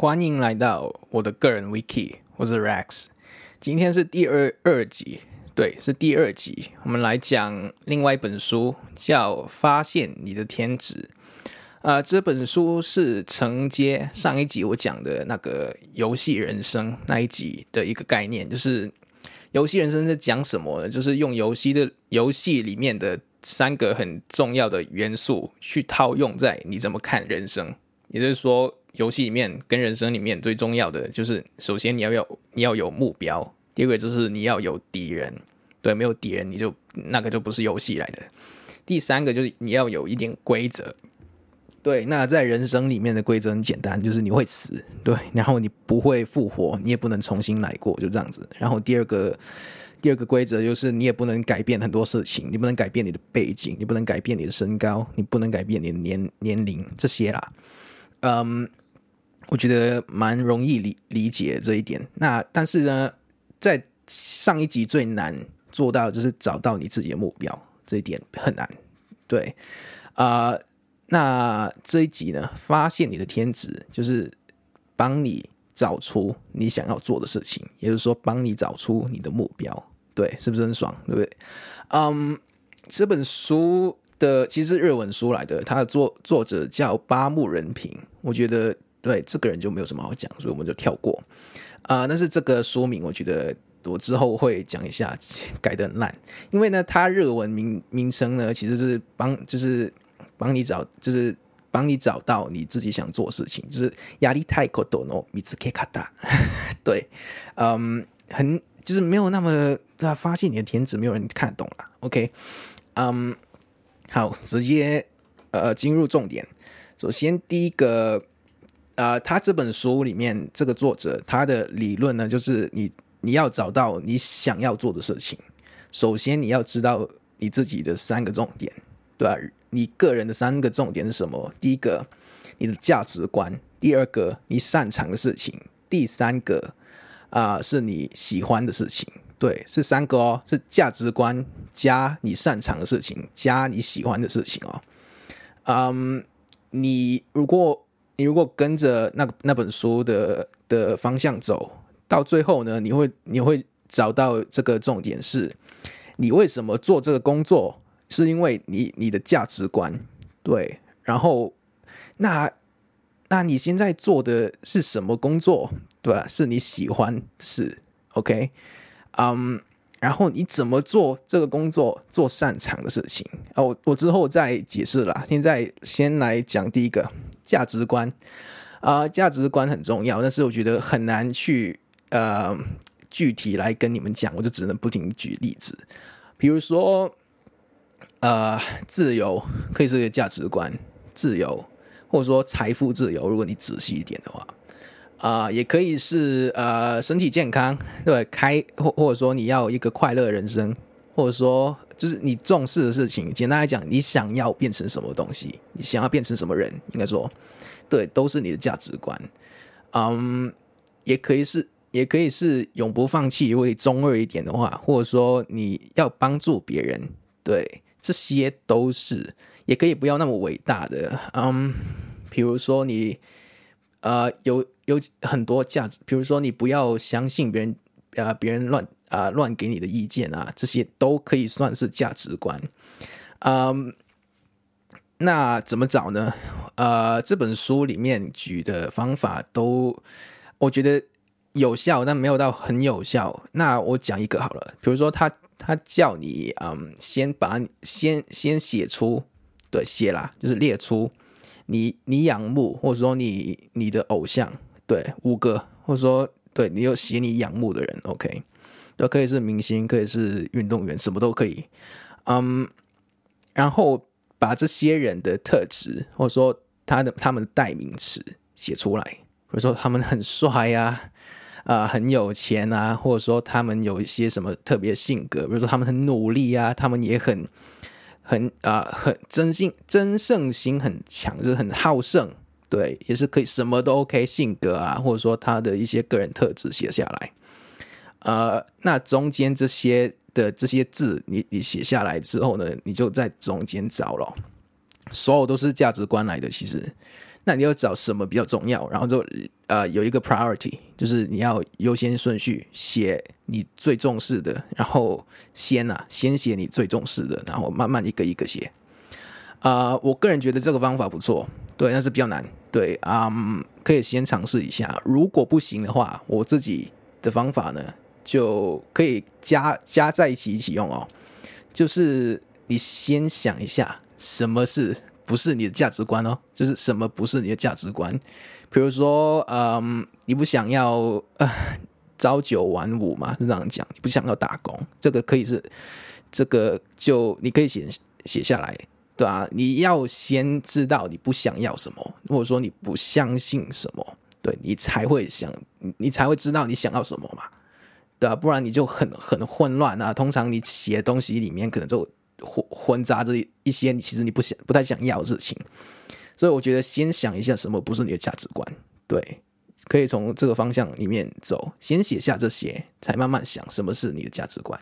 歡迎來到我的個人 wiki，我是 Rex。今天是第二二集，對，是第二集。我們來講另外一本書，叫《發現你的天職》。呃，這本書是承接上一集我講的那個《遊戲人生》那一集的一個概念，就是《遊戲人生》是講什麼呢？就是用遊戲的遊戲裡面的三個很重要的元素去套用在你怎麼看人生，也就是說。遊戲裡面跟人生裡面最重要的就是，首先你要有你要有目標，第二個就是你要有敵人，對，沒有敵人你就那個就不是遊戲來的。第三個就是你要有一點規則，對。那在人生裡面的規則很簡單，就是你會死，對，然後你不會復活，你也不能重新來過，就這樣子。然後第二個第二個規則就是你也不能改變很多事情，你不能改變你的背景，你不能改變你的身高，你不能改變你的年年齡這些啦，嗯。我覺得蠻容易理理解這一點。那但是呢，在上一集最難做到的就是找到你自己的目標，這一點很難。對，啊、呃，那這一集呢，發現你的天職就是幫你找出你想要做的事情，也就是說，幫你找出你的目標。對，是不是很爽？對不對？嗯，這本書的其實日文書來的，它的作作者叫八木仁平，我覺得。對這個人就沒有什麼好講，所以我們就跳過。啊、呃，但是這個說明我覺得我之後會講一下，改得很爛。因為呢，他日文名名稱呢，其實是幫，就是幫你找，就是幫你找到你自己想做的事情。就是やりたいことの見つけ方。對，嗯，很就是沒有那麼，啊、發現你的天職沒有人看得懂了、啊。OK，嗯，好，直接呃進入重點。首先第一個。呃，他這本書裡面這個作者他的理論呢，就是你你要找到你想要做的事情。首先，你要知道你自己的三個重點，對吧？你個人的三個重點是什麼？第一個，你的價值觀；第二個，你擅長的事情；第三個，啊、呃，是你喜歡的事情。對，是三個哦，是價值觀加你擅長的事情加你喜歡的事情哦。嗯，你如果。你如果跟着那那本書的的方向走到最後呢，你會你會找到這個重點是：你為什麼做這個工作？是因為你你的價值觀，對，然後那那你現在做的是什麼工作？對吧？是你喜歡是？OK，嗯，然後你怎麼做這個工作？做擅長的事情哦，我我之後再解釋啦。現在先來講第一個。價值觀，啊、呃，價值觀很重要，但是我覺得很難去呃具體來跟你們講，我就只能不停舉例子，比如說，呃，自由可以是一個價值觀，自由，或者說財富自由，如果你仔細一點的話，啊、呃，也可以是呃身體健康，對，開或或者說你要一個快樂人生，或者說。就是你重視的事情，簡單來講，你想要變成什麼東西，你想要變成什麼人，應該說，對，都是你的價值觀。嗯，um，也可以是，也可以是永不放棄。如果中二一點的話，或者說你要幫助別人，對，這些都是，也可以不要那麼偉大的。嗯，um，比如說你，呃，有有很多價值，比如說你不要相信別人，呃，別人亂。啊、呃，亂給你的意見啊，這些都可以算是價值觀。嗯，那怎麼找呢？呃，這本書裡面舉的方法都我覺得有效，但沒有到很有效。那我講一個好了，比如說他他叫你嗯，先把先先寫出對寫啦，就是列出你你仰慕或者說你你的偶像對五個，或者說對你有寫你仰慕的人，OK。都可以是明星，可以是運動員，什麼都可以。嗯、um，然後把這些人的特質，或者說他的他們的代名詞寫出來，比如說他們很帥啊，啊、呃、很有錢啊，或者說他們有一些什麼特別性格，比如說他們很努力啊，他們也很很啊、呃、很真性真勝心很強，就是很好勝，對，也是可以什麼都 OK 性格啊，或者說他的一些個人特質寫下來。呃，那中間這些的這些字你，你你寫下來之後呢，你就在中間找咯，所有都是價值觀來的。其實，那你要找什麼比較重要？然後就呃有一個 priority，就是你要優先順序寫你最重視的，然後先吶、啊，先寫你最重視的，然後慢慢一個一個寫。啊、呃，我個人覺得這個方法不錯，對，但是比較難，對，嗯，可以先嘗試一下。如果不行的話，我自己的方法呢？就可以加加在一起一起用哦。就是你先想一下，什麼是不是你的價值觀哦？就是什麼不是你的價值觀？比如說，嗯，你不想要呃朝九晚五嘛，是這樣講。你不想要打工，這個可以是這個就你可以寫寫下來，對啊，你要先知道你不想要什麼，或者說你不相信什麼，對你才會想，你才會知道你想要什麼嘛。對啊，不然你就很很混亂啊。通常你寫東西裡面可能就混混雜着一些其實你不想不太想要的事情，所以我覺得先想一下什麼不是你的價值觀，對，可以從這個方向裡面走，先寫下這些，才慢慢想什麼是你的價值觀。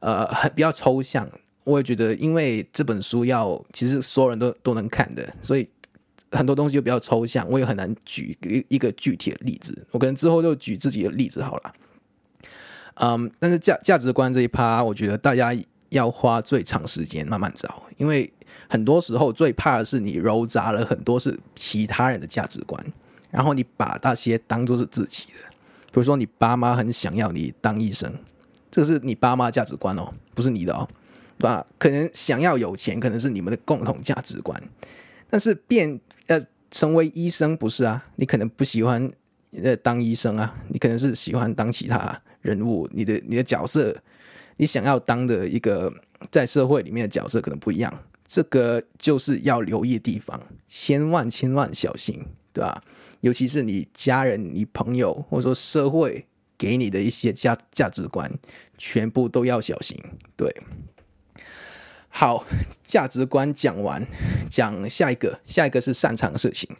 呃，很比較抽象，我也覺得，因為這本書要其實所有人都都能看的，所以很多東西就比較抽象，我也很難舉一個具體的例子，我可能之後就舉自己的例子好了。嗯、um，但是價價值觀這一趴，我覺得大家要花最長時間慢慢找，因為很多時候最怕的是你揉雜了很多是其他人的價值觀，然後你把那些當作是自己的。比如說，你爸媽很想要你當醫生，這是你爸媽價值觀哦，不是你的哦，對吧？可能想要有錢，可能是你們的共同價值觀，但是變呃，成為醫生不是啊？你可能不喜歡呃當醫生啊，你可能是喜歡當其他、啊。人物，你的你的角色，你想要當的一個在社會裡面的角色可能不一樣，這個就是要留意的地方，千萬千萬小心，對吧？尤其是你家人、你朋友或者說社會給你的一些價價值觀，全部都要小心，對。好，價值觀講完，講下一個，下一個是擅長的事情。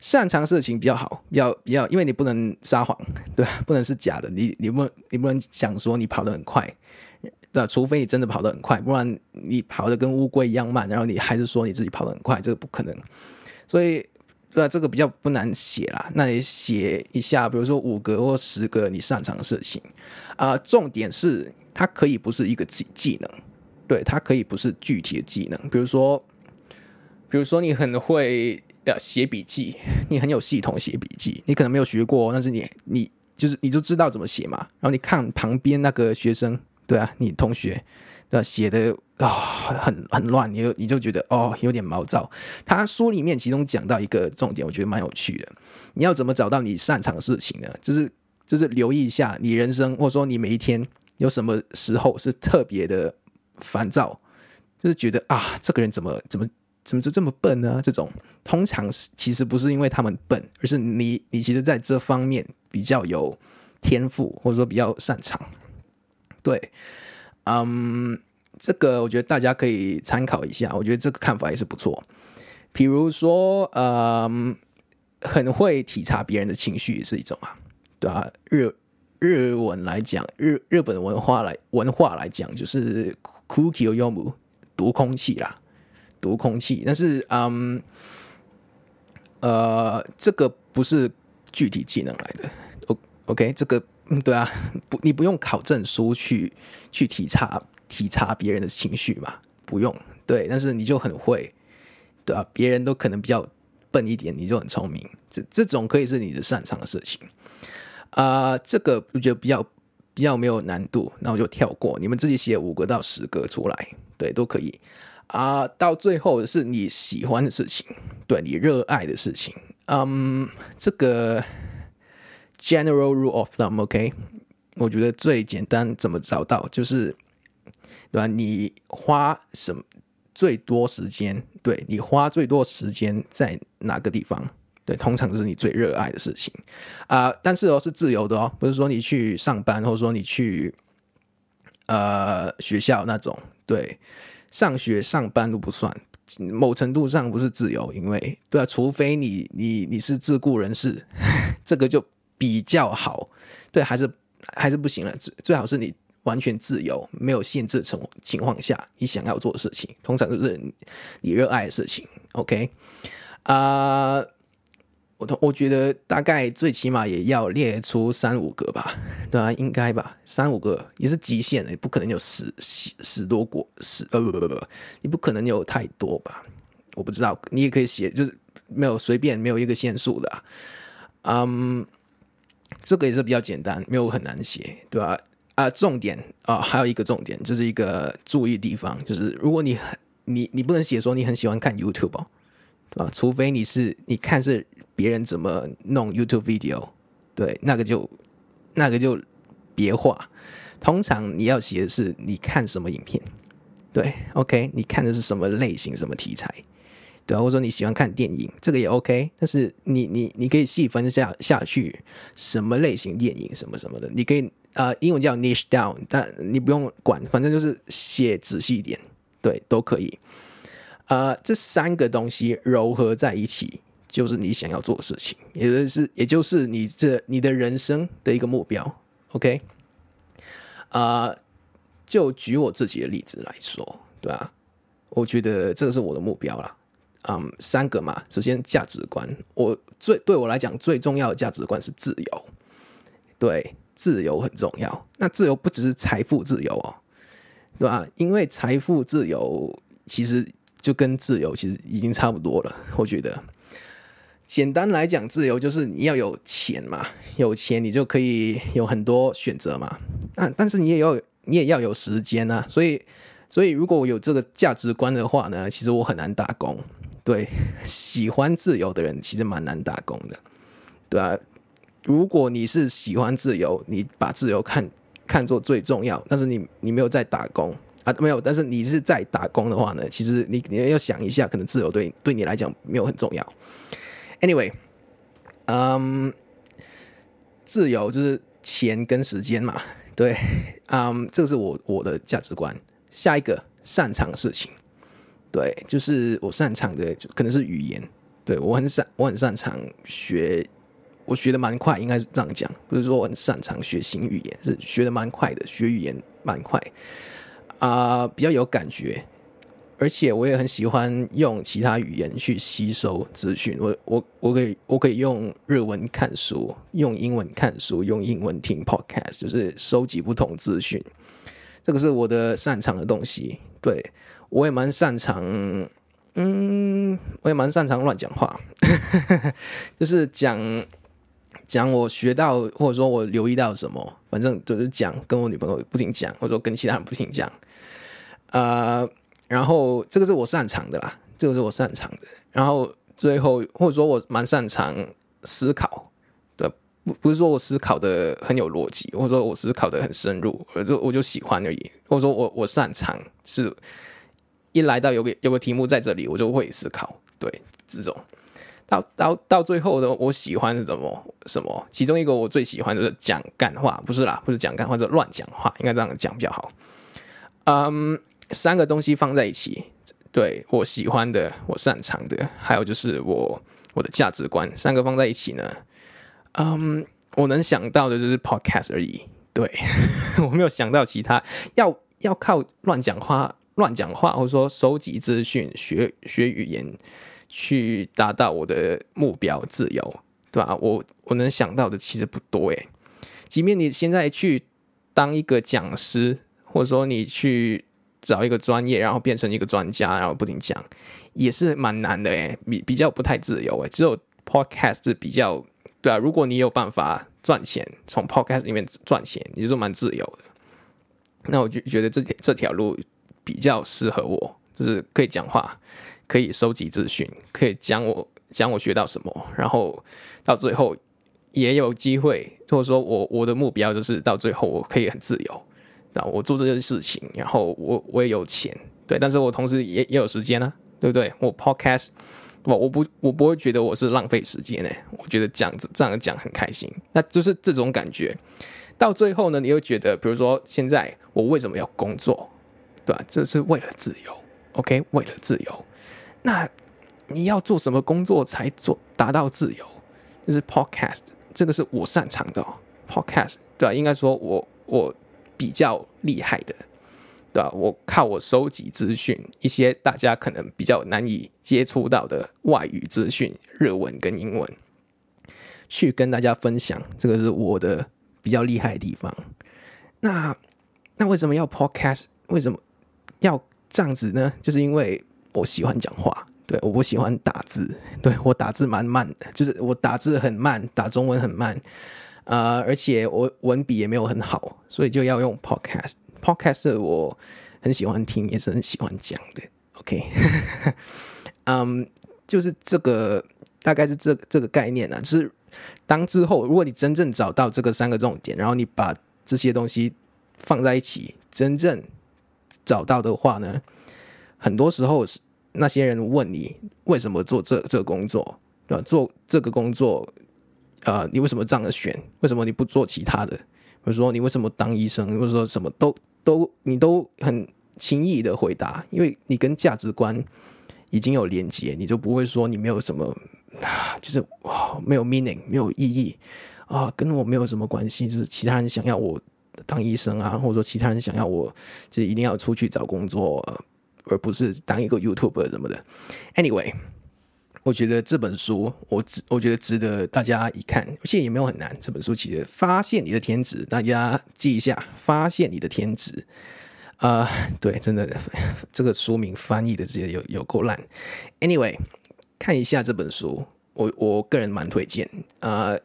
擅長事情比較好，要比，比較，因為你不能撒謊。對啊，不能是假的，你你不能你不能想說你跑得很快，對啊，除非你真的跑得很快，不然你跑得跟烏龜一樣慢，然後你還是說你自己跑得很快，這個不可能。所以，對啊，這個比較不難寫啦，那你寫一下，比如說五個或十個你擅長的事情啊，呃，重點是，它可以不是一個技技能，對，它可以不是具體的技能，比如說，比如說你很會。要寫筆記，你很有系統寫筆記，你可能沒有學過，但是你你就是你就知道怎麼寫嘛。然後你看旁邊那個學生，對啊，你同學對啊，寫的啊得，哦，很很亂，你你就覺得哦有點毛躁。他書裡面其中講到一個重點，我覺得蠻有趣的。你要怎麼找到你擅長的事情呢？就是就是留意一下你人生，或者說你每一天有什麼時候是特別的煩躁，就是覺得啊這個人怎麼怎麼。怎麼就這麼笨呢？這種通常是其實不是因為他們笨，而是你你其實在這方面比較有天賦，或者說比較擅長。對，嗯，這個我覺得大家可以參考一下。我覺得這個看法也是不錯。比如說，嗯，很會體察別人的情緒也是一種啊，對啊，日日文來講，日日本文化來文化來講，就是 kuki o yomu，讀空氣啦。讀空氣，但是嗯、呃，這個不是具體技能來的。O、OK，這個、嗯、對啊，不，你不用考證書去去體察體察別人的情緒嘛，不用。對，但是你就很會，對啊，別人都可能比較笨一點，你就很聰明。這這種可以是你的擅長的事情。啊、呃，這個我覺得比較比較沒有難度，那我就跳過。你們自己寫五個到十個出來，對，都可以。啊、uh,，到最後是你喜歡的事情，對你熱愛的事情。嗯、um,，這個 general rule of thumb，OK，、okay? 我覺得最簡單怎麼找到，就是對吧？你花什麼最多時間？對你花最多時間在哪個地方？對，通常是你最熱愛的事情。啊、uh,，但是哦，是自由的哦，不是說你去上班，或者說你去呃學校那種，對。上學、上班都不算，某程度上不是自由，因為對啊，除非你、你、你是自僱人士呵呵，這個就比較好。對、啊，還是還是不行了，最好是你完全自由、沒有限制的情情況下，你想要做的事情，通常都是你熱愛的事情。OK，啊、uh...。我覺得大概最起碼也要列出三五個吧，對啊，應該吧，三五個也是極限的，不可能有十十十多個十，呃不不不，你、呃呃呃呃、不可能有太多吧？我不知道，你也可以寫，就是沒有隨便沒有一個限數的、啊。嗯，這個也是比較簡單，沒有很難寫，對吧、啊？啊，重點啊、哦，還有一個重點就是一個注意地方，就是如果你很你你不能寫說你很喜歡看 YouTube，對啊，除非你是你看是。別人怎麼弄 YouTube video？對，那個就那個就別畫。通常你要寫的是你看什麼影片，對，OK，你看的是什麼類型、什麼題材，對啊，或者說你喜歡看電影，這個也 OK。但是你你你可以細分下下去，什麼類型電影、什麼什麼的，你可以啊，呃，英文叫 niche down，但你不用管，反正就是寫仔細一點，對，都可以。呃，這三個東西糅合在一起。就是你想要做的事情，也就是也就是你這你的人生的一個目標，OK，啊、呃，就舉我自己的例子來說，對吧？我覺得這個是我的目標啦。嗯，三個嘛。首先，價值觀，我最對我來講最重要的價值觀是自由，對，自由很重要。那自由不只是財富自由哦、喔，對吧？因為財富自由其實就跟自由其實已經差不多了，我覺得。簡單來講，自由就是你要有錢嘛，有錢你就可以有很多選擇嘛。那、啊、但是你也要你也要有時間啊。所以，所以如果我有這個價值觀的話呢，其實我很難打工。對，喜歡自由的人其實蠻難打工的，對啊，如果你是喜歡自由，你把自由看看作最重要，但是你你沒有在打工啊，沒有。但是你是在打工的話呢，其實你你要想一下，可能自由對對你來講沒有很重要。Anyway，嗯，自由就是錢跟時間嘛，對，嗯，這個是我我的價值觀。下一個擅長事情，對，就是我擅長的，就可能是語言，對，我很擅我很擅長學，我學的蠻快，應該是這樣講，不是說我很擅長學新語言，是學的蠻快的，學語言蠻快，啊、呃，比較有感覺。而且我也很喜歡用其他語言去吸收資訊。我我我可以我可以用日文看書，用英文看書，用英文聽 podcast，就是收集不同資訊。這個是我的擅長的東西。對我也蠻擅長，嗯，我也蠻擅長亂講話， 就是講講我學到或者說我留意到什麼，反正就是講，跟我女朋友不停講，或者說跟其他人不停講，呃。然後這個是我擅長的啦，這個是我擅長的。然後最後，或者說我蠻擅長思考的，對，不不是說我思考的很有邏輯，或者說我思考的很深入，我就我就喜歡而已。或者說我我擅長是一來到有個有個題目在這裡，我就會思考，對，這種到到到最後的，我喜歡是什麼什麼？其中一個我最喜歡的是講幹話，不是啦，不是講幹話，是亂講話，應該這樣講比較好。嗯。三個東西放在一起，對，我喜歡的、我擅長的，還有就是我我的價值觀，三個放在一起呢，嗯、um,，我能想到的就是 podcast 而已。對， 我沒有想到其他，要要靠亂講話、亂講話，或者說收集資訊、學學語言，去達到我的目標，自由，對吧？我我能想到的其實不多誒、欸。即便你現在去當一個講師，或者說你去。找一個專業，然後變成一個專家，然後不停講，也是蠻難的誒，比比較不太自由誒，只有 podcast 是比較對啊。如果你有辦法賺錢，從 podcast 裡面賺錢，你就是蠻自由的。那我就覺得這這條路比較適合我，就是可以講話，可以收集資訊，可以講我講我學到什麼，然後到最後也有機會，或者說我我的目標就是到最後我可以很自由。啊、我做這件事情，然後我我也有錢，對，但是我同時也也有時間啊，對不對？我 podcast，我我不我不會覺得我是浪費時間呢、欸，我覺得這樣子這樣講很開心，那就是這種感覺。到最後呢，你會覺得，比如說現在我為什麼要工作，對吧、啊？這是為了自由，OK，為了自由。那你要做什麼工作才做達到自由？就是 podcast，這個是我擅長的、哦、podcast，對吧、啊？應該說我我。比較厲害的，對吧？我靠，我收集資訊，一些大家可能比較難以接觸到的外語資訊、日文跟英文，去跟大家分享，這個是我的比較厲害的地方。那那為什麼要 Podcast？為什麼要這樣子呢？就是因為我喜歡講話，對，我不喜歡打字，對我打字蠻慢的，就是我打字很慢，打中文很慢。呃，而且我文筆也沒有很好，所以就要用 podcast。podcast 我很喜歡聽，也是很喜歡講的。OK，嗯、 um，就是這個大概是這個、這個概念呢、啊，就是當之後如果你真正找到這個三個重點，然後你把這些東西放在一起，真正找到的話呢，很多時候是那些人問你為什麼做這這個工作，做這個工作。呃、uh，你為什麼這樣選？為什麼你不做其他的？或者說你為什麼當醫生？或者說什麼都都你都很輕易的回答，因為你跟價值觀已經有連接，你就不會說你沒有什麼，就是沒有 meaning，沒有意義啊，跟我沒有什麼關係。就是其他人想要我當醫生啊，或者說其他人想要我就一定要出去找工作，而不是當一個 YouTuber 什麼的。Anyway。我覺得這本書，我值，我覺得值得大家一看，而且也沒有很難。這本書其實發現你的天職，大家記一下，發現你的天職。呃，對，真的，這個書名翻譯的直接有有夠爛。Anyway，看一下這本書，我我個人蠻推薦啊，呃，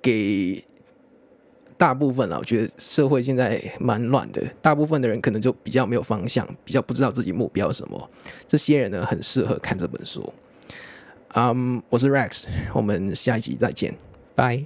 給大部分啊，我覺得社會現在蠻亂的，大部分的人可能就比較沒有方向，比較不知道自己目標什麼，這些人呢，很適合看這本書。嗯，um，我是 Rex，我們下一集再見，拜。